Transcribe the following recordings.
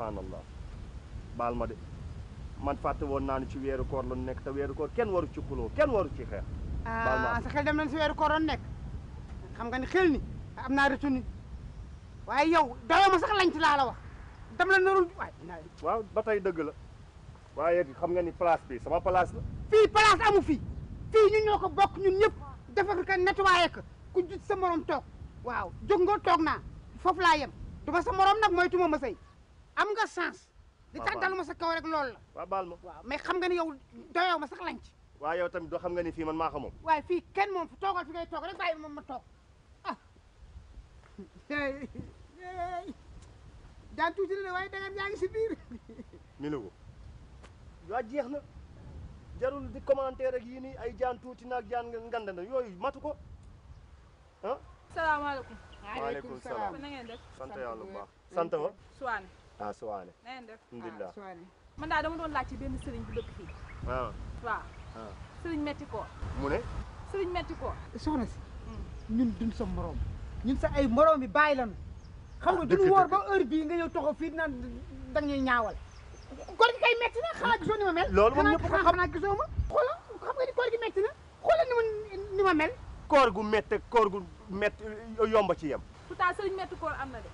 subhaanallah baal ma de man fàtte woon naa ni ci weeru koor la nekk te weeru koor kenn waru ci xuloo kenn waru ci xeex. baal ma ah, sa xel dem nañ si weeru koor la nekk xam nga ni xel ni am naa rëccu ni waaye yow dayoo ma sax lañ ci la wax dam la narul waay. waaw ba dëgg la waaye xam nga ni place bi sama place la. fii place amu fi fii ñu ñoo ko bokk ñun ñëpp defar ko nettoyé ko ku jut sa morom toog waaw jóg nga toog naa foofu laa yem du sa morom nag moytu ma am nga sens di tàggal ma sa kaw rek loolu wa waaw ma mais xam nga ni yow doyoo ma sax lanc wa yow tam do xam nga ni fi man maa ko moom waaye fii kenn moom fi fi ngay tok rek bàyyi mom ma tok ah daan tuuti na way da yaa yaangi ci bir milugo yo jeex na jarul di commentaire ak yii ay jaan tuuti nak jaan ngande na yooyu matu ko ah salaamaaleykum alaykum salaam na ngeen def sant bu baax sant wa suwaane ah Suwaane. na ngeen def alhamdulilah Suwaane. doon laaj ci benn sëriñ bu dëkk fii. Ah. waaw ah. metti ko. mu ne. sëriñ metti ko. soxna si. Hmm. ñun duñ sa morom. ñun sa ay morom yi bàyyi lañu. Ah, xam nga duñu woor ba heure bii nga ñëw toxo fii naan da ñuy ñaawal. koor gi kay metti na loolu moom ñëpp ko xam xanaa gisoo ma. xoolal xam nga ni koor gi metti na xoolal ni ma mel. koor gu metti koor gu metti yomb ci yem. pourtant sëriñ metti koor am na de.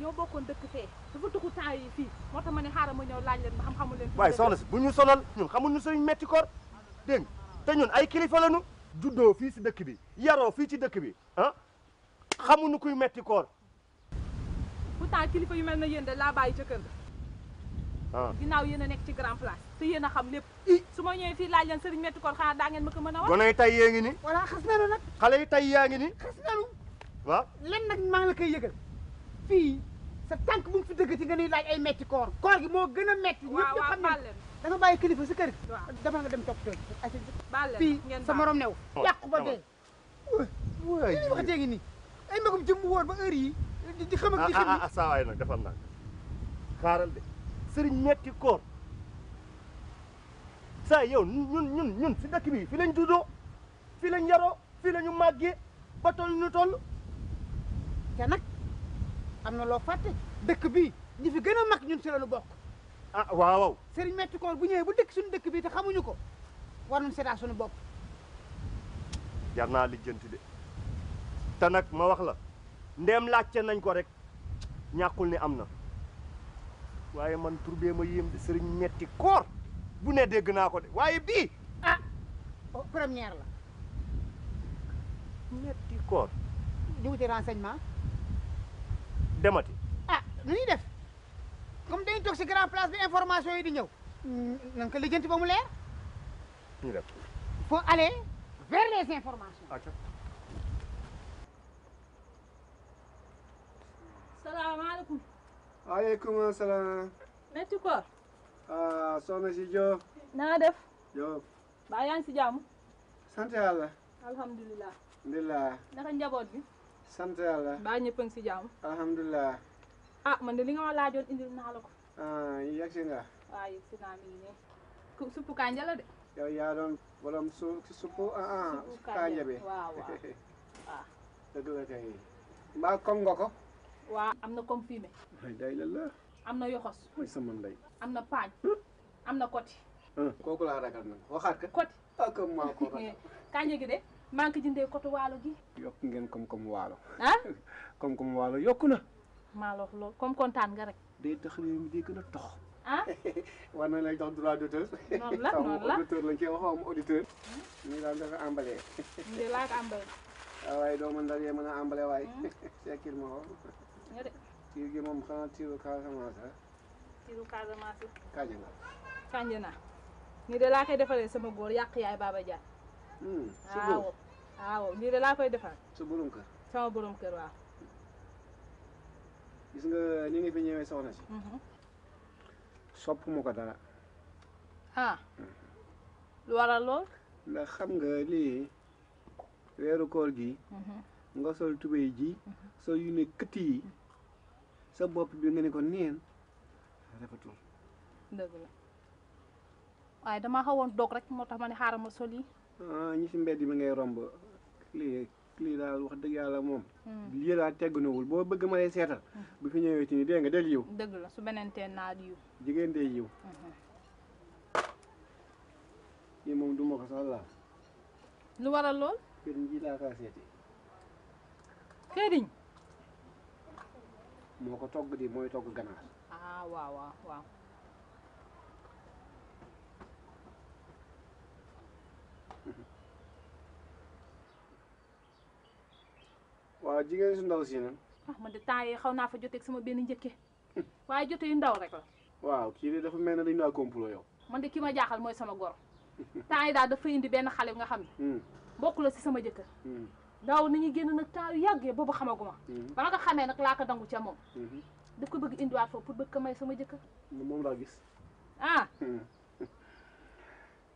ñoo bokkoon dëkk fee dafa tuxu temps yi fii moo tax ma ne xaaral ma ñëw laaj leen ba xam xamul leen waaye soxna si bu ñu solal ñun xamuñu suñu metti koor dégg nga te ñun ay kilifa lañu juddoo fii si dëkk bi yaroo fii ci dëkk bi ah xamuñu kuy metti koor pourtant kilifa yu mel na yéen de laa bàyyi ca kër ga ah. ginnaaw yéen a nekk ci grand place te yéen a xam lépp su ma ñëwee fii laaj leen sëriñ metti koor xanaa daa ngeen ma ko mën a wax gone yi tey yée ngi ni voilà xas nañu nag xale yi tey yaa ngi ni xas waaw len nag maa la koy yëgal fii sa tànk bu mu fi dëggati nga nuy ay metti koor gi moo gën a metti ñëpp xam ne da nga bàyyi kilifa si kër gi dama nga dem toppatoo fii sa morom new oh, yàqu ba dee waay waxatee ngi nii ay magum jëm woon ba xam ak di ah, xam ah, ah, ah saa nag defal naa xaaral de sëriñ metti saa yow ñun ñun si dëkk bi fi lañ juddoo fi lañ yaroo lañu màggee ba toll ñu toll te nag am na loo fàtte dëkk bi ñi fi gën a mag ñun si la lu bokk. ah waaw waaw. Serigne Metti Koor bu ñëwee bu dëkk suñu dëkk bi te xamuñu ko war nañu seetaa suñu bopp. jar naa lijjant de te nag ma wax la ndéem laajte nañ ko rek ñakul ni am na waaye man tur bee ma yéem de Serigne Metti bu ne dégg naa ko de waaye bii. ah oh, première la. Metti Koor. ñu wuti renseignement. demati. ah nu ñuy def comme dañu toog si grand place bi information yi di ñëw hmm, nan ko lijjanti ba mu leer. ñu def. faut aller vers les informations. salaamaaleykum. waaleykum salaam. métti koor. ah soxna si Diop. na nga def. Diop. baa yaa ngi si jàmm. sant yàlla. alhamdulilah. alhamdulilah. naka njaboot bi. sant yàlla. baa ñëpp a si jàmm. alhamdulilah. ah man de li nga ma laajoon indil naa la ko. ah yegg si nga. waaw yegg de. yow yaa doon borom su ah ah. suppu kanja bi waaw waaw waaw. Ah. dëgg la kay. mbaa kom nga ko. waaw am na kom fumier. day la am na yoxos. mooy sama ndey. am na paañ. am na koti. kooku laa ragal nag waxaat ka. koti ah comme gi de. maa ngi ko jëndee côté waalo gi. yokk ngeen koom-koom waalo. ah koom-koom waalo yokku na. maa lox lool comme kontaan nga rek. day tax réew mi day gën a tox. ah. war nañ lay jox droit d'auteur. la noonu la auditeur lañ cee wax am auditeur. ñu ah? daal dafa emballé. ñu laa ko emballé. waaw ah, waaye doo mën yee mën a emballé waaye. Hmm? sekkir ma woo. nga moom xanaa tiiru Casamance la. tiiru Casamance. Kanja na. Kanja na. de laa koy defaree sama góor yàq yaay Baba Dia. Hmm, waaw. Awo, ni de laa koy defar. sa borom kër. sama borom kër waaw. gis nga ni nga fi ñëwee soxna si. Mhm. sopp mu ko dara. ah. Mhm. lu waral lool. ndax xam nga lii weeru koor gi. Mhm. nga sol tubéy ji. sol yu ne sa bi nga ne ko neen rafetul. la rek Ah, ñi si mbedd mi ngay romb lii lii daal wax dëgg yàlla moom. Hmm. lii daal teggunuwul boo bëgg ma lay seetal. Hmm. bu fi ñëwee ci nii dégg nga del yiw. dëgg la su beneen tee naat yiw. jigéen day yiw. lii hmm. moom du ma ko sax laal. lu waral lool. këriñ ji laa kaa seeti. këriñ. moo ko togg di mooy togg ganaar. ah waaw waaw waaw. waaw jigéen su ndaw si nag. ah man de temps yii xaw naa fa joteeg sama benn njëkke waaye jote yu ndaw rek la. waaw kii de dafa man de ki ma jaaxal mooy sama goro. temps yi dafa indi benn xale bi nga xam ne. Hmm. la si sama jëkkër. Hmm. daaw nañu génn nag temps yu yàggee boobu xamaguma. Hmm. ba nga ko xamee nag laa ko dangu ca moom. daf ko bëgg indiwaat pour bëgg ko may sama jëkkër. moom laa gis. ah.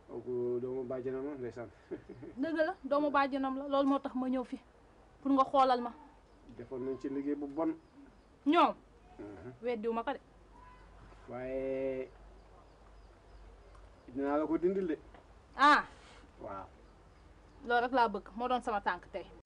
kooku doomu bàjjanam la ndeysaan. dëgg la doomu bàjjanam la loolu moo tax ma ñëw fii pour nga xoolal ma. defoon nañ ci liggéey bu bon. ñoom. Mhm. weddiwu ma ko de. waaye dinaa la ko dindil de. ah. waaw. loolu rek laa bëgg moo doon sama tànk tey.